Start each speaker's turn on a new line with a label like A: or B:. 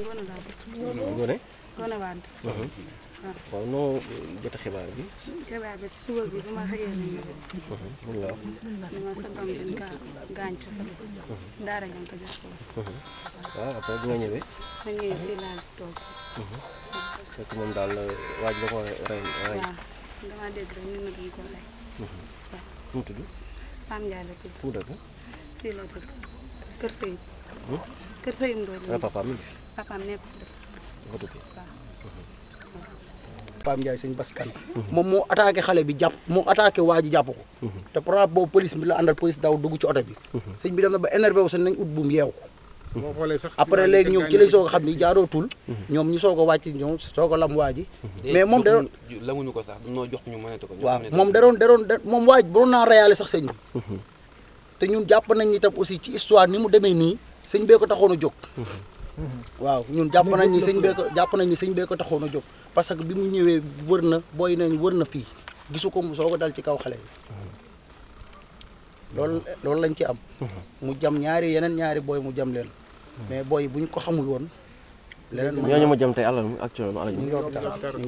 A: Ngone laa dëkk. Ngone. Ngone Wade. waaw noo jot xibaar bi. xibaar bi suba bi bu ma moom daal waaj la ko rey rek ñu ne mu tudd. Pam Ndiaye la tudd. kër Sëriñ Ndoye la ah, papaam mi ngi fi papaam
B: nekk mhm. moom moo attaqué xale bi jàpp moo attaqué waa ji jàpp ko mhm. te problème boobu police bi la àndal police daw dugg ci oto bi mhm. sëñ bi dem na ba énervé wu sëñ nañ ut buum yeew ko après léegi ñoom ci lañ soog xam ni jaarootul ñoom ñu soog a wàcc soog a waa ji mais moom da doon lamuñu ko sax noo jox ñu mënatu ko waaw moom da doon da moom waaj ba doon naa reyaale sax sëñ bi te ñun jàpp nañ ni tam aussi ci histoire ni mu demee nii sëñ bee ko taxoon a jóg mhm. waaw ñun jàpp nañ ni sëñ bee ko jàpp nañ ni sëñ bee ko taxoon a jóg parce que bi mu ñëwee wër na booy nañu wër na fii gisu ko mu soo ko dal ci kaw xale mhm. lool loolu lañ ci am mhm. mu jam ñaari yeneen ñaari booy mu jam leen mais booy buñ ko xamul woon leneen ñooñu ma jam tey alal mi actuellement alal mi